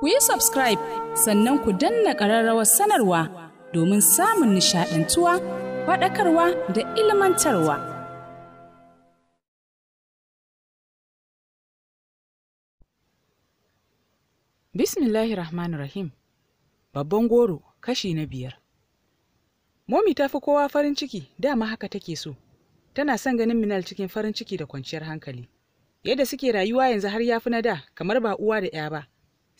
ku yi subscribe sannan ku danna ƙararrawar sanarwa domin samun nishaɗantuwa faɗakarwa da ilmantarwa. Bismillahir Rahmanir Rahim Babban goro kashi na biyar Momi ta fi kowa farin ciki dama haka take so, tana son ganin Minal cikin farin ciki da kwanciyar hankali. Yadda suke rayuwa yanzu har ya fi na da kamar ba uwa da 'ya ba.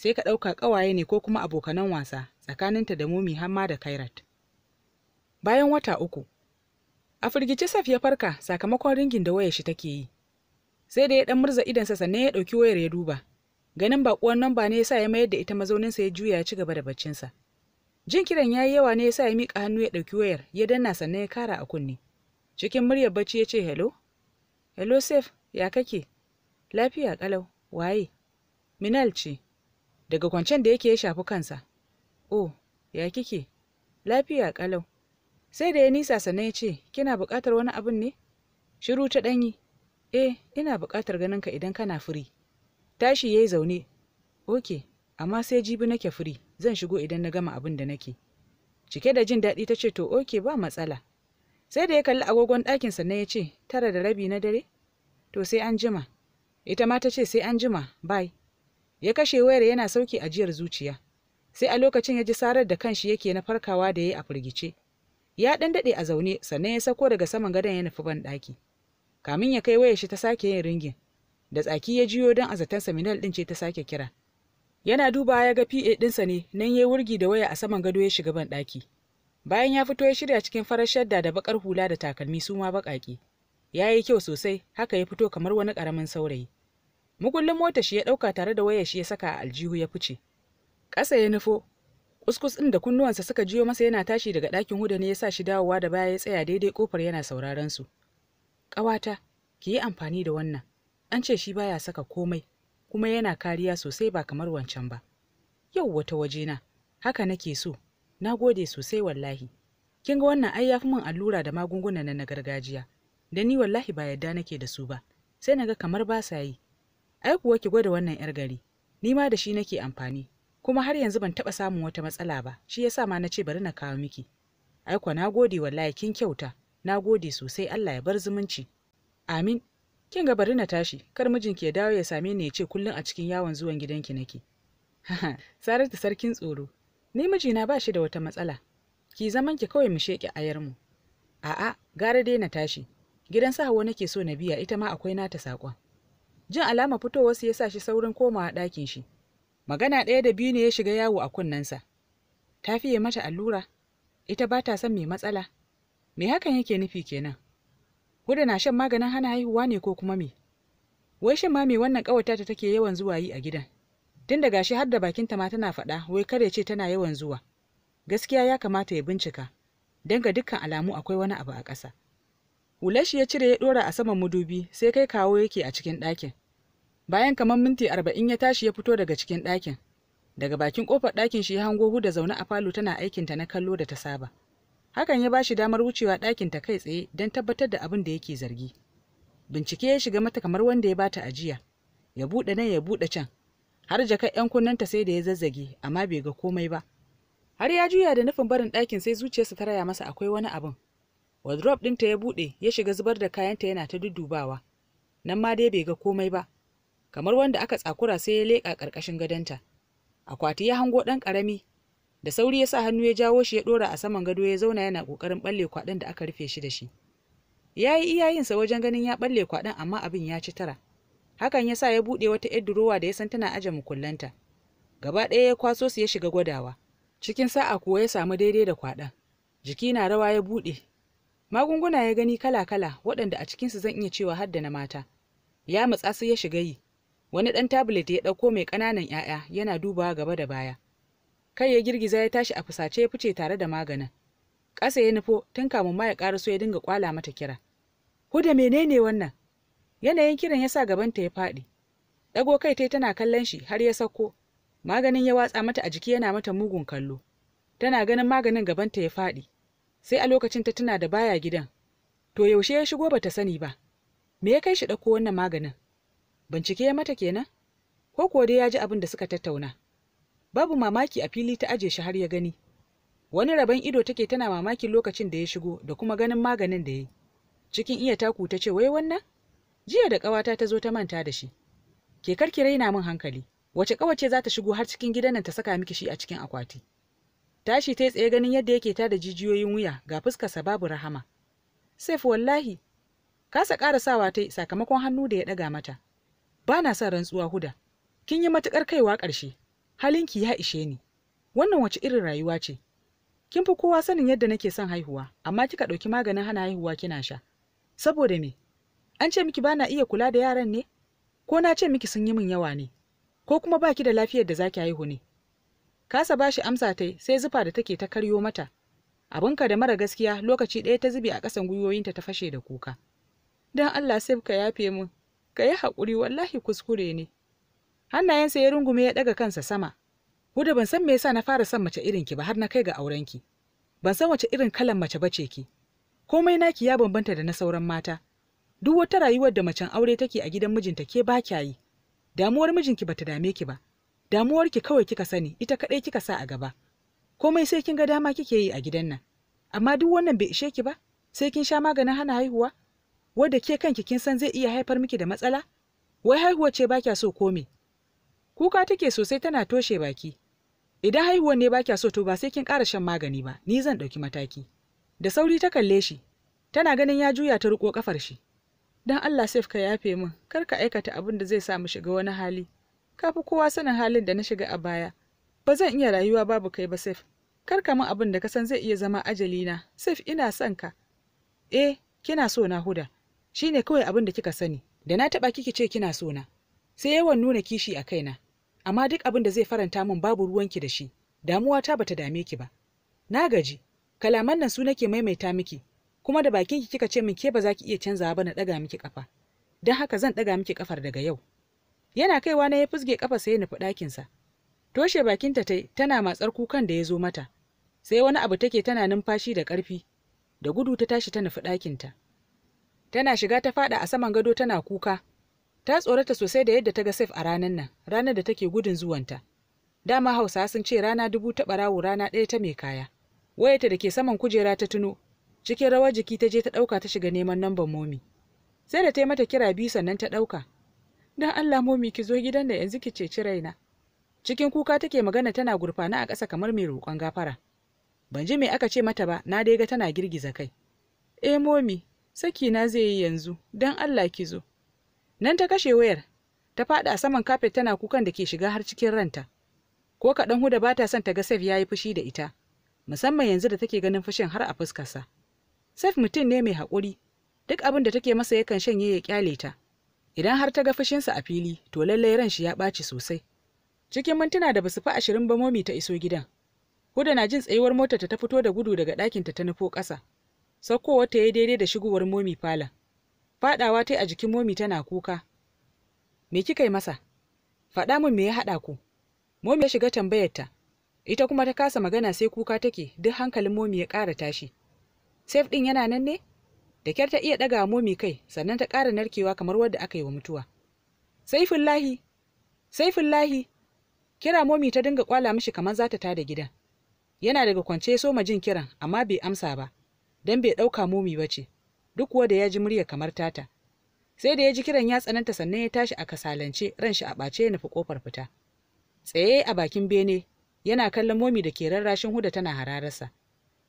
sai ka ɗauka ƙawaye ne ko kuma abokanan wasa tsakaninta da momi hamma da kairat bayan wata uku a firgice saf ya farka sakamakon ringin da wayar shi take yi sai da ya ɗan murza idansa sannan ya ɗauki wayar ya duba ganin nan namba ne ya sa ya mayar da ita mazauninsa ya juya ya ci gaba da baccinsa jin kiran ya yi yawa ne ya sa ya miƙa hannu ya ɗauki wayar ya danna sannan ya kara a kunne cikin muryar bacci ya ce hello hello safe ya kake lafiya ƙalau waye minal ce daga kwancen da yake ya shafi kansa oh ya kike lafiya kalau sai da ya nisa sannan ya ce kina buƙatar wani abin ne shiru ta ɗanyi eh ina buƙatar ganin ka idan kana firi tashi ya yi zaune ok amma sai jibi nake firi zan shigo idan na gama abin da nake cike da jin daɗi ta ce to ok ba matsala sai da ya kalli agogon ɗakin sannan ya ce tara da rabi na dare to sai an jima ita ma ta ce sai an jima bai ya kashe wayar yana sauki ajiyar zuciya sai a lokacin ya ji sarar da kanshi yake na farkawa da ya yi a firgice ya dan dade a zaune sannan ya sako daga saman gadon ya nufi banɗaki kamin ya kai wayar shi ta sake yin ringin da tsaki ya jiyo don zaton saminal din ce ta sake kira yana duba ya ga pa ɗinsa ne nan ya wurgi da waya a saman gado ya shiga banɗaki bayan ya fito ya shirya cikin farar shadda da bakar hula da takalmi su ma baƙaƙe ya yi kyau sosai haka ya fito kamar wani ƙaramin saurayi mukullin mota shi ya ɗauka tare da wayar shi ya saka a aljihu ya fice ƙasa ya nufo kuskus ɗin da kunnuwansa suka jiyo masa yana tashi daga ɗakin huda ne ya sa shi dawowa da baya ya tsaya daidai ƙofar yana sauraron su ƙawata ki yi amfani da wannan an ce shi baya saka komai kuma yana kariya sosai ba kamar wancan ba yau wata waje na, haka nake so na gode sosai wallahi kin ga wannan ai yafi min allura da magunguna na gargajiya da ni wallahi ba yadda nake da su ba sai naga kamar ba sa yi ai kuwa ki gwada wannan yar gari ni ma da shi nake amfani kuma har yanzu ban taɓa samun wata matsala ba shi yasa ma na ce bari na kawo miki ai kuwa na gode wallahi kin kyauta na gode sosai Allah ya bar zumunci amin kin ga bari na tashi kar mijinki ya dawo ya same ni ya ce kullum a cikin yawon zuwan gidanki nake saratu sarkin tsoro ni mijina ba shi da wata matsala ki zaman ki kawai mu sheki, sheke mu a'a gara dai na tashi gidan sa hawa nake so na biya ita ma akwai nata saƙon jin alama fitowarsu ya sa shi saurin komawa ɗakin shi magana ɗaya da biyu ne ya shiga yawo a kunnensa ta fiye mata allura ita ba ta son mai matsala me hakan yake nufi kenan huda na shan maganin hana haihuwa ne ko kuma me wai shin ma me wannan ƙawata ta take yawan zuwa yi a gidan tun da gashi har da bakinta ma tana faɗa wai kare ce tana yawan zuwa gaskiya ya kamata ya bincika don ga dukkan alamu akwai wani abu a ƙasa hulashi ya cire ya ɗora a saman madubi sai kai kawo yake a cikin ɗakin bayan kamar minti arba'in ya tashi ya fito daga cikin ɗakin daga bakin ƙofar ɗakin shi ya hango huda zaune a falo tana aikinta na kallo da ta saba hakan ya bashi damar wucewa ta kai tsaye don tabbatar da abin da yake zargi bincike ya shiga mata kamar wanda ya bata ajiya ya buɗe nan ya buɗe can har jakar 'yan kunnanta sai da ya zazzage amma bai ga komai ba har ya juya da nufin barin ɗakin sai zuciyarsa ta raya masa akwai wani abin wardrobe ɗinta ya buɗe ya shiga zubar da kayanta yana ta dudubawa nan ma dai bai ga komai ba kamar wanda aka tsakura sai ya leƙa ƙarƙashin gadonta akwati ya hango ɗan ƙarami da sauri ya sa hannu ya jawo shi ya ɗora a saman gado ya zauna yana ƙoƙarin ɓalle kwaɗin da aka rufe shi da shi ya yi iyayensa wajen ganin ya ɓalle kwaɗin amma abin ya ci tara hakan ya sa ya buɗe wata 'yar durowa da ya san tana aje mukullanta gaba ɗaya ya kwaso su ya shiga gwadawa cikin sa'a kuwa ya samu daidai da kwaɗon. jiki na rawa ya buɗe magunguna ya gani kala-kala waɗanda a cikinsu zan iya cewa har da na mata ya mutsa sai ya shiga yi wani ɗan tabulet ya ɗauko mai ƙananan 'ya'ya yana dubawa gaba da baya kai ya girgiza ya tashi a fusace ya fice tare da maganin ƙasa ya nufo tun kamun ma ya ƙara so ya dinga ƙwala mata kira huda menene wannan yanayin kiran ya sa gabanta ya faɗi ɗago kai tai tana kallon shi har ya sauko maganin ya watsa mata a jiki yana mata mugun kallo tana ganin maganin gabanta ya faɗi sai a lokacin ta tuna da baya gidan to yaushe ya shigo bata sani ba me ya kai shi ɗauko wannan maganin bincike ya mata kenan ko ko dai ya ji abin da suka tattauna babu mamaki a fili ta aje shi har ya gani wani rabon ido take tana mamaki lokacin da ya shigo da kuma ganin maganin da ya yi cikin iya taku ta ce wai wannan jiya da ƙawata ta zo ta manta da shi ke karki raina min hankali wace ƙawace za ta shigo har cikin gidan nan ta saka miki shi a cikin akwati tashi ta tsaye ganin yadda yake tada jijiyoyin wuya ga fuskarsa babu rahama saif wallahi kasa ƙara sawa ta sakamakon hannu da ya ɗaga mata ba na sa rantsuwa huda kin yi matukar kaiwa ƙarshe halinki ya ishe ni wannan wace irin rayuwa ce kin fi kowa sanin yadda nake son haihuwa amma kika ɗauki maganin hana haihuwa kina sha saboda me an ce miki bana iya kula da yaran ne ko na ce miki sun yi min yawa ne ko kuma baki da lafiyar da zaki haihu ne kasa bashi amsa tai sai zufa da take ta karyo mata abinka da mara gaskiya lokaci ɗaya ta zube a ƙasan gwiwoyinta ta fashe da kuka don allah sai ka yafe min ka yi haƙuri wallahi kuskure ne hannayensa ya rungume ya ɗaga kansa sama huda ban san me yasa na fara son mace irin ba har na kai ga aurenki ban san wace irin kalan mace bace ki komai naki ya bambanta da na sauran mata duk wata rayuwar da macen aure take a gidan mijinta ke ba kya yi damuwar mijinki bata dame ki ba damuwarki kawai kika sani ita kaɗai kika sa a gaba komai sai kin ga dama kike yi a gidan nan amma duk wannan bai ishe ki ba sai kin sha maganin hana haihuwa wadda ke kanki kin san zai iya haifar miki da matsala wai haihuwa ce ba kya so ko me kuka take sosai tana toshe baki idan haihuwa ne ba kya so to ba sai kin ƙara shan magani ba ni zan ɗauki mataki da sauri ta kalle shi tana ganin ya juya ta riƙo ƙafar shi don allah sef ka yafe min kar ka aikata abin da zai sa mu shiga wani hali ka fi kowa sanin halin da na shiga a baya ba zan iya rayuwa babu kai ba sef kar ka min abin da ka san zai iya zama ajali na sef ina son ka eh kina so na huda Shi ne kawai abin da kika sani da na taɓa kiki ce kina so na sai yawan nuna kishi a kaina amma duk abin da zai faranta min babu ruwanki da shi damuwa ta bata dame ki ba na gaji kalaman nan su nake maimaita miki kuma da bakinki kika ce min ke ba za ki iya canzawa ba na ɗaga miki kafa don haka zan ɗaga miki kafar daga yau yana kaiwa na ya fusge kafa sai ya nufi ɗakinsa toshe bakinta tai tana matsar kukan da ya zo mata sai wani abu take tana numfashi da ƙarfi da gudu ta tashi ta nufi ɗakinta tana shiga ta fada a saman gado tana kuka ta tsorata sosai da yadda ta ga saif a ranar nan ranar da take gudun zuwanta dama hausa sun ce rana dubu ta barawo rana ɗaya ta mai kaya wayarta da ke saman kujera ta tuno cikin rawar jiki ta je ta ɗauka ta shiga neman namban momi sai da ta yi mata kira biyu sannan ta ɗauka don allah momi ki zo gidan da yanzu ki ceci raina cikin kuka take magana tana gurfana a ƙasa kamar mai roƙon gafara ban ji me aka ce mata ba na dai ga tana girgiza kai eh momi saki na zai yi yanzu don allah ki zo nan ta kashe wayar ta faɗi a saman kafet tana kukan da ke shiga har cikin ranta ko kaɗan huda ba ta son ta ga saif ya yi fushi da ita musamman yanzu da take ganin fushin har a fuskarsa saif mutum ne mai haƙuri duk abin da take masa yakan shanye ya kyale ta idan har ta ga fushinsa a fili to lallai ran shi ya ɓaci sosai cikin mintuna da basu fi ashirin ba momi ta iso gidan huda na jin tsayuwar motar ta fito da gudu daga ɗakinta ta nufo ƙasa saukowar ta yi daidai da shigowar momi fala faɗawa ta a jikin momi tana kuka me kika yi masa faɗa min me ya haɗa ku momi ya shiga tambayarta. ita kuma ta kasa magana sai kuka take duk hankalin momi ya ƙara tashi sef ɗin yana nan ne da kyar ta iya ɗaga momi kai sannan ta ƙara narkewa kamar wadda aka yi wa mutuwa saifullahi saifullahi kira momi ta dinga kwala mishi kamar za ta tada gidan yana daga kwance so ma jin kiran amma bai amsa ba don bai ɗauka momi ba ce duk kuwa da ya ji murya kamar tata sai da ya ji kiran ya tsananta sannan ya tashi a kasalance ran shi a ɓace ya nufi ƙofar fita tsaye a bakin bene yana kallon momi da ke rarrashin huda tana hararsa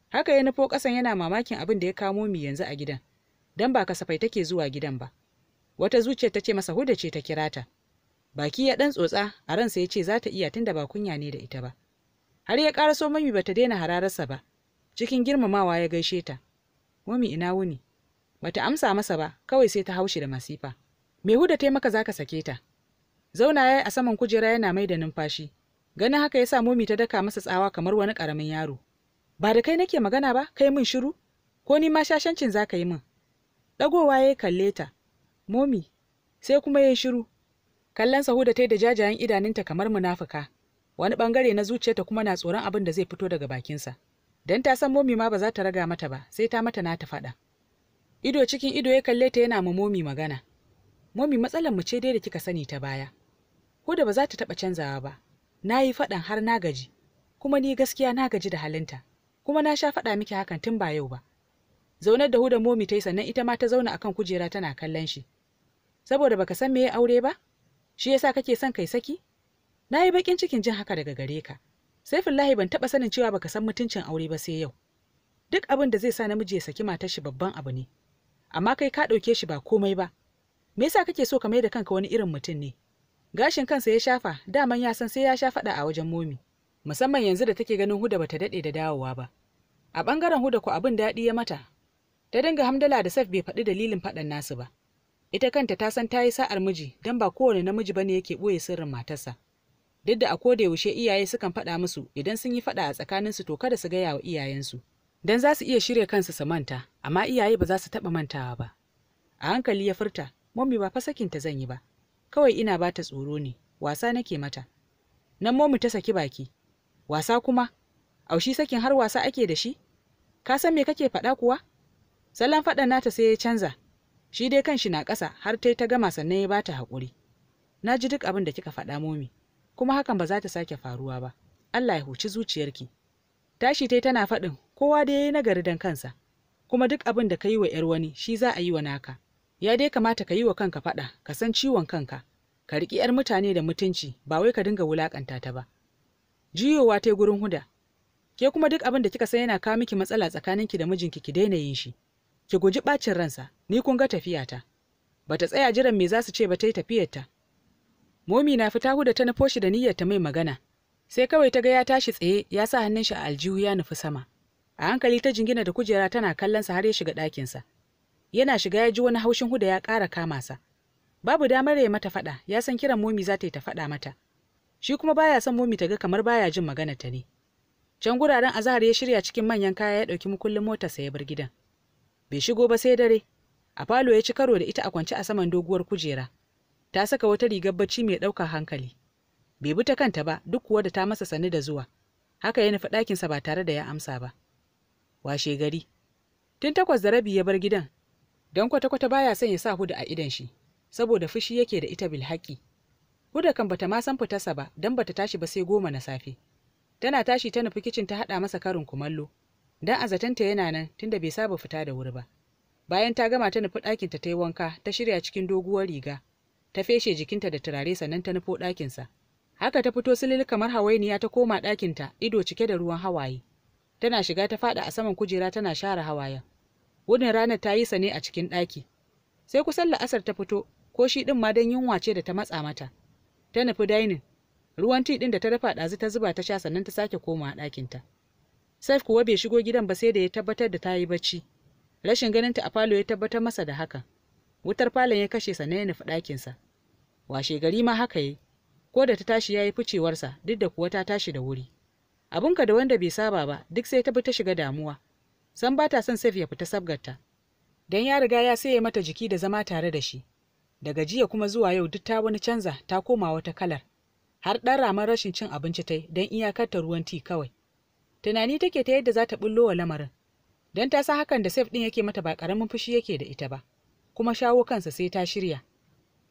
haka ya nufo ƙasan yana mamakin abin da ya kawo momi yanzu a gidan don ba kasafai take zuwa gidan ba wata zuciyar ta ce masa huda ce ta kira ta baki ya ɗan tsotsa a ransa ya ce za ta iya tunda ba kunya ne da ita ba har ya ƙara so ba ta daina hararsa ba cikin girmamawa ya gaishe ta wami ina wuni bata amsa masa ba kawai sai ta haushi da masifa me huda tai maka zaka sake ta zauna yayi a saman kujera yana mai da numfashi ganin haka ya sa momi ta daka masa tsawa kamar wani karamin yaro ba da kai nake magana ba kai min shiru ko ni ma shashancin zaka yi min dagowa yayi kalle ta momi sai kuma yayi shiru kallon sa huda tai da jajayen idanunta kamar munafuka wani bangare na zuciyarta kuma na tsoron abin da zai fito daga bakinsa don ta san momi ma ba za ta raga mata ba sai ta mata na ta faɗa ido cikin ido ya kalle ta yana ma momi magana momi matsalar mu ce dai da kika sani ta baya huda ba za ta taɓa canzawa ba na yi faɗan har na gaji kuma ni gaskiya na gaji da halinta kuma na sha faɗa miki hakan tun ba yau ba zaunar da huda momi ta yi sannan ita ma ta zauna akan kujera tana kallon shi saboda baka san me ya aure ba shi yasa kake son kai saki na yi baƙin cikin jin haka daga gare ka Saifullahi ban taɓa sanin cewa baka san mutuncin aure ba sai yau. Duk abin da zai sa namiji ya saki matar shi babban abu ne. Amma kai ka ɗauke shi ba komai ba. Me yasa kake so ka mai da kanka wani irin mutum ne? Gashin kansa ya shafa, daman ya san sai ya sha faɗa a wajen momi. Musamman yanzu da take ganin Huda bata daɗe da dawowa ba. A ɓangaren Huda ko abin daɗi ya mata. Ta dinga hamdala da Saf bai faɗi dalilin faɗan nasu ba. Ita kanta ta san ta yi sa'ar miji, don ba kowane namiji bane yake ɓoye sirrin matarsa. duk da a koda yaushe iyaye sukan faɗa musu idan sun yi faɗa a tsakaninsu to kada su gaya wa iyayensu dan za su iya shirya kansu su manta amma iyaye ba za su taɓa mantawa ba a hankali ya furta mommy ba fa sakinta zan yi ba kawai ina ba ta tsoro ne wasa nake mata nan momi ta saki baki wasa kuma aushi sakin har wasa ake da shi ka san me kake faɗa kuwa salon faɗan nata sai ya canza shi dai kanshi na ƙasa har tai ta gama sannan ya bata haƙuri na ji duk abin da kika faɗa momi kuma hakan ba za ta sake faruwa ba Allah ya huci zuciyarki tashi tai tana faɗin kowa da yi nagari dan kansa kuma duk abin da ka yi wa ‘yar wani shi za a yi wa naka ya dai kamata ka yi wa kanka faɗa ka san ciwon kanka ka riƙi ‘yar mutane da mutunci ba wai ka dinga wulaƙanta ta ba jiyowa ta gurin huda ke kuma duk abin da kika san yana kawo miki matsala tsakaninki da mijinki ki daina yin shi ki guji ɓacin ransa ni kun ga tafiyata Ba ta tsaya jiran me za su ce ba ta yi tafiyarta momi na fita huda ta nufo shi da niyyar ta mai magana sai kawai ta ga ya tashi tsaye ya sa hannun shi a aljihu ya nufi sama a hankali ta jingina da kujera tana kallon sa har ya shiga sa yana shiga ya ji wani haushin huda ya ƙara kama sa babu damar ya mata faɗa ya san kiran momi za ta yi ta faɗa mata shi kuma baya son momi ta ga kamar baya jin magana ta ne can guraren azahar ya shirya cikin manyan kaya ya ɗauki mukullin sa ya bar gidan bai shigo ba sai dare a falo ya ci karo da ita a kwance a saman doguwar kujera ta saka wata rigar bacci mai ɗaukar hankali bai bi ta kanta ba duk kuwa da ta masa sani da zuwa haka ya nufi ɗakinsa ba tare da ya amsa ba washe gari tun takwas da rabi ya bar gidan don kwata-kwata baya son ya sa hudu a idan shi saboda fushi yake da ita bilhaki huda kan bata ma san fitarsa ba don bata tashi ba sai goma na safe tana tashi ta nufi kicin ta haɗa masa karin kumallo don a zatanta yana nan tunda bai saba fita da wuri ba bayan ta gama ta nufi ɗakinta ta yi wanka ta shirya cikin doguwar riga ta feshe jikinta da turare sannan ta nufo ɗakinsa haka ta fito silili kamar hawainiya ta koma ɗakinta ido cike da ruwan hawaye tana shiga ta faɗa a saman kujera tana share hawayen gudun ranar ta yi sane a cikin ɗaki sai kusan la'asar ta fito ko shi ɗin ma don yunwa ce da ta matsa mata ta nufi dainin ruwan ti ɗin da ta dafa ɗazu ta zuba ta sha sannan ta sake koma a ɗakinta saif kuwa bai shigo gidan ba sai da ya tabbatar da ta yi bacci rashin ganinta a falo ya tabbatar masa da hakan wutar falon ya kashe na ya nufi ɗakinsa washe gari ma haka yi ko da ta tashi ya yi ficewarsa duk da kuwa ta tashi da wuri abinka da wanda bai saba ba duk sai ta bi ta shiga damuwa san ba ta son saif ya fita sabgarta Dan ya riga ya saye mata jiki da zama tare da shi daga jiya kuma zuwa yau duk ta wani canza ta koma wata kalar har ɗan ramar rashin cin abinci ta yi, don ta ruwan ti kawai tunani take ta yadda za ta bullo wa lamarin don ta sa hakan da saif ɗin yake mata ba ƙaramin fushi yake da ita ba kuma shawo kansa sai ta shirya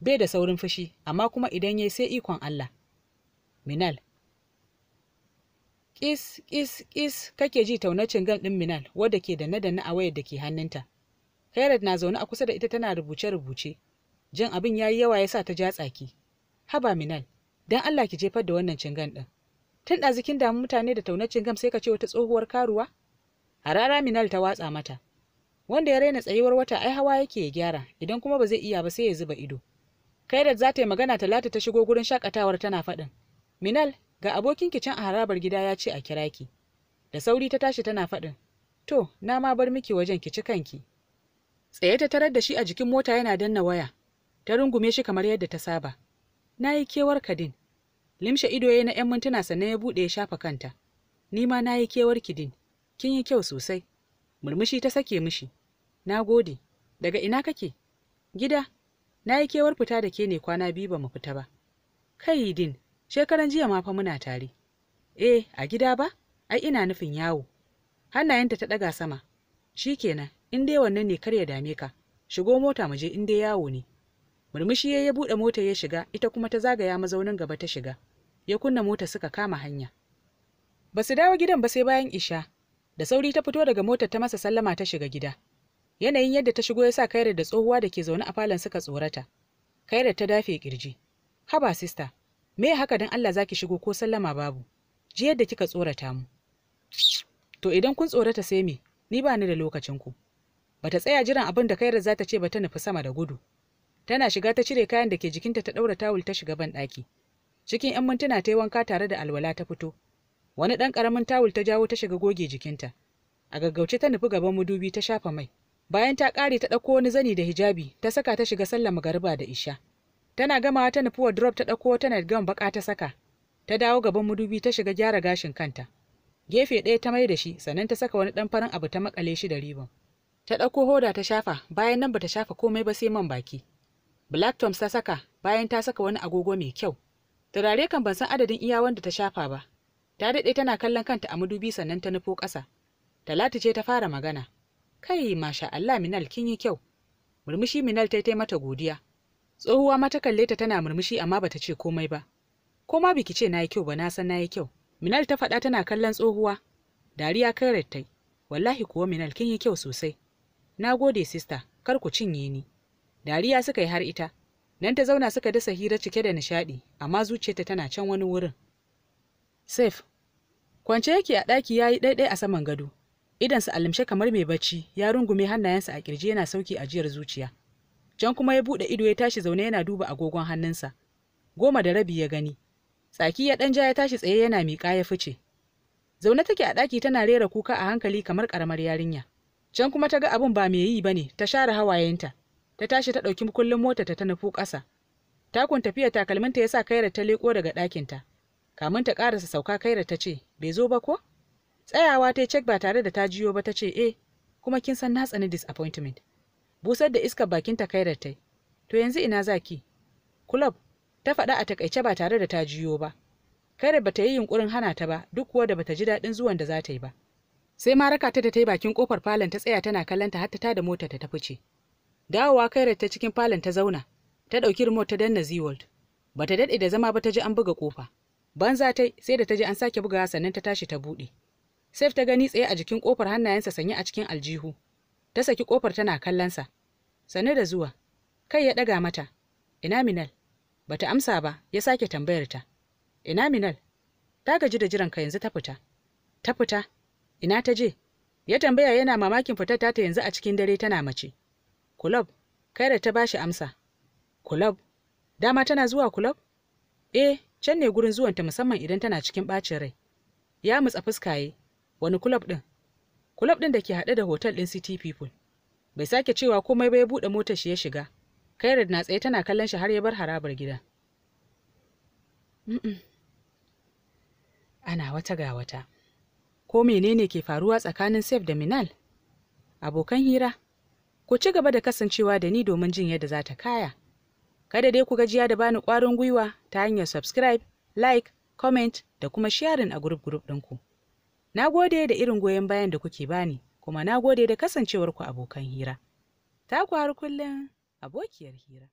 bai da saurin fushi amma kuma idan yayi sai ikon Allah Minal Kis kis kis kake ji taunacin gan ɗin Minal wadda ke da nadanna a wayar da ke hannunta Khairat na zaune a kusa da ita tana rubuce rubuce jin abin ya yi yawa ya sa ta ja tsaki Haba Minal Don Allah ki jefar da wannan cingan ɗin tun ɗazikin damu mutane da taunacin gam sai ka ce wata tsohuwar karuwa a rara Minal ta watsa mata wanda ya raina tsayuwar wata ai hawa yake ya gyara idan kuma ba zai iya ba sai ya zuba ido kai da za ta yi magana talatu ta shigo gurin shakatawar tana faɗin minal ga abokin kicin a harabar gida ya ce a kira ki da sauri ta tashi tana faɗin to na ma bar miki wajen ki ci kanki tsaye ta tarar da shi a jikin mota yana danna waya ta rungume shi kamar yadda ta saba na yi kewar kadin limshe ido ya na 'yan mintuna sannan ya buɗe ya shafa kanta ni ma na yi kewar kidin kin yi kyau sosai murmushi ta sake mishi na gode daga ina kake gida na yi kewar fita da ke ne kwana biyu ba mu fita ba kai din shekaran jiya ma fa muna tare eh a gida ba ai ina nufin yawo hannayenta ta ɗaga sama Shi kenan, in dai wannan ne kar ya dame ka shigo mota mu je in dai yawo ne murmushi ya ya buɗe mota ya shiga ita kuma ta zagaya mazaunin gaba ta shiga ya kunna mota suka kama hanya ba su dawo gidan ba sai bayan isha da sauri ta fito daga motar ta masa sallama ta shiga gida yanayin yadda ta shigo ya sa kairar da tsohuwa da ke zaune a falon suka tsorata kairar ta dafe kirji haba sista me haka dan Allah zaki shigo ko sallama babu ji yadda kika tsorata mu to idan kun tsorata sai me ni ba ni da lokacin ku bata tsaya jiran abin da kairar za ta ce ba ta nufi sama da gudu tana shiga ta cire kayan da ke jikinta ta ɗaura tawul ta shiga ban daki cikin 'yan mintuna ta yi wanka tare da alwala ta fito wani ɗan ƙaramin tawul ta jawo ta shiga goge jikinta a gaggauce ta nufi gaban madubi ta shafa mai bayan ta ƙare ta ɗauko wani zani da hijabi ta saka ta shiga sallar magariba da isha tana gamawa ta nufi wardrobe ta ɗauko wata gama baƙa ta saka ta dawo gaban madubi ta shiga gyara gashin kanta gefe ɗaya ta mai da shi sannan ta saka wani ɗan farin abu ta makale shi da ribon ta ɗauko hoda ta shafa bayan nan bata shafa komai ba sai man baki black toms ta saka bayan ta saka wani agogo mai kyau turare kan ban san adadin iya wanda ta shafa ba ta daɗe tana kallon kanta a madubi sannan ta nufo ƙasa talatu ce ta fara magana kai masha Allah minal kin yi kyau murmushi minal ta yi mata godiya tsohuwa mata kalle ta tana murmushi amma bata ce komai ba ko ma biki ce nayi kyau ba na san nayi kyau minal ta faɗa tana kallon tsohuwa dariya kai rattai wallahi kuwa minal kin yi kyau sosai na gode sista kar ku cinye ni dariya suka yi har ita nan ta zauna suka dasa hira cike da nishaɗi amma zuciyarta tana can wani wurin Safe, kwance yake a ɗaki ya yi ɗaiɗai a saman gado idansa alimshe kamar mai bacci ya rungume hannayensa a kirji yana sauki ajiyar zuciya jan kuma ya buɗe ido ya tashi zaune yana duba agogon hannunsa goma da rabi ya gani tsaki ya ɗan ja ya tashi tsaye yana miƙa ya fice zaune take a ɗaki tana rera kuka a hankali kamar ƙaramar yarinya can kuma ta ga abun ba mai yi ba ne ta share hawayenta ta tashi ta ɗauki kullum mota ta nufo ƙasa takun tafiya takalminta ya sa kayar ta leƙo daga ɗakinta kamun ta karasa sauka kaira ta ce bai zo ba ko tsayawa ta cek ba tare da ta jiyo ba ta ce eh kuma kin san na tsani disappointment busar da iskar bakin ta kairar ta to yanzu ina zaki club ta faɗa a takaice ba tare da ta jiyo ba ba ta yi yunkurin hana ta ba duk kuwa da bata ji daɗin zuwan da za ta yi ba sai ma raka ta da ta yi bakin kofar falon ta tsaya tana kallon ta har ta da motar ta tafi ce dawowa kairar ta cikin falon ta zauna ta ɗauki remote ta danna zeaworld bata daɗe da zama ba ta ji an buga kofa banza ta sai da ta ji an sake bugawa sannan ta tashi ta bude. saif ta gani tsaye a jikin kofar hannayensa sanye a cikin aljihu ta saki kofar tana kallonsa sanne da zuwa kai ya daga mata ina minal bata amsa ba ya sake tambayar ta ina minal ta gaji da jiran ka yanzu ta fita ta fita ina ta je ya tambaya yana mamakin fitar ta yanzu a cikin dare tana mace kulob kai da ta bashi amsa kulob dama tana zuwa kulob eh can ne gurin zuwanta musamman idan tana cikin ɓacin rai ya mutsa fuskaye wani kulob din? kulob din da ke haɗe da hotel ɗin city people bai sake cewa komai bai buɗe motar shi ya shiga kairat na tsaye tana kallon shi har ya bar harabar gida ana wata ga wata ko menene ke faruwa tsakanin safe da Minal? Abokan hira, ku ci gaba da kasancewa da ni domin jin yadda za ta kaya. Kada dai ku gajiya da bani ƙwarin gwiwa ta hanyar subscribe, like, comment da kuma sharing a group group ɗinku. Na gode da irin goyon bayan da kuke bani, kuma na gode da kasancewarku abokan hira. Ta kwaru kullum abokiyar hira.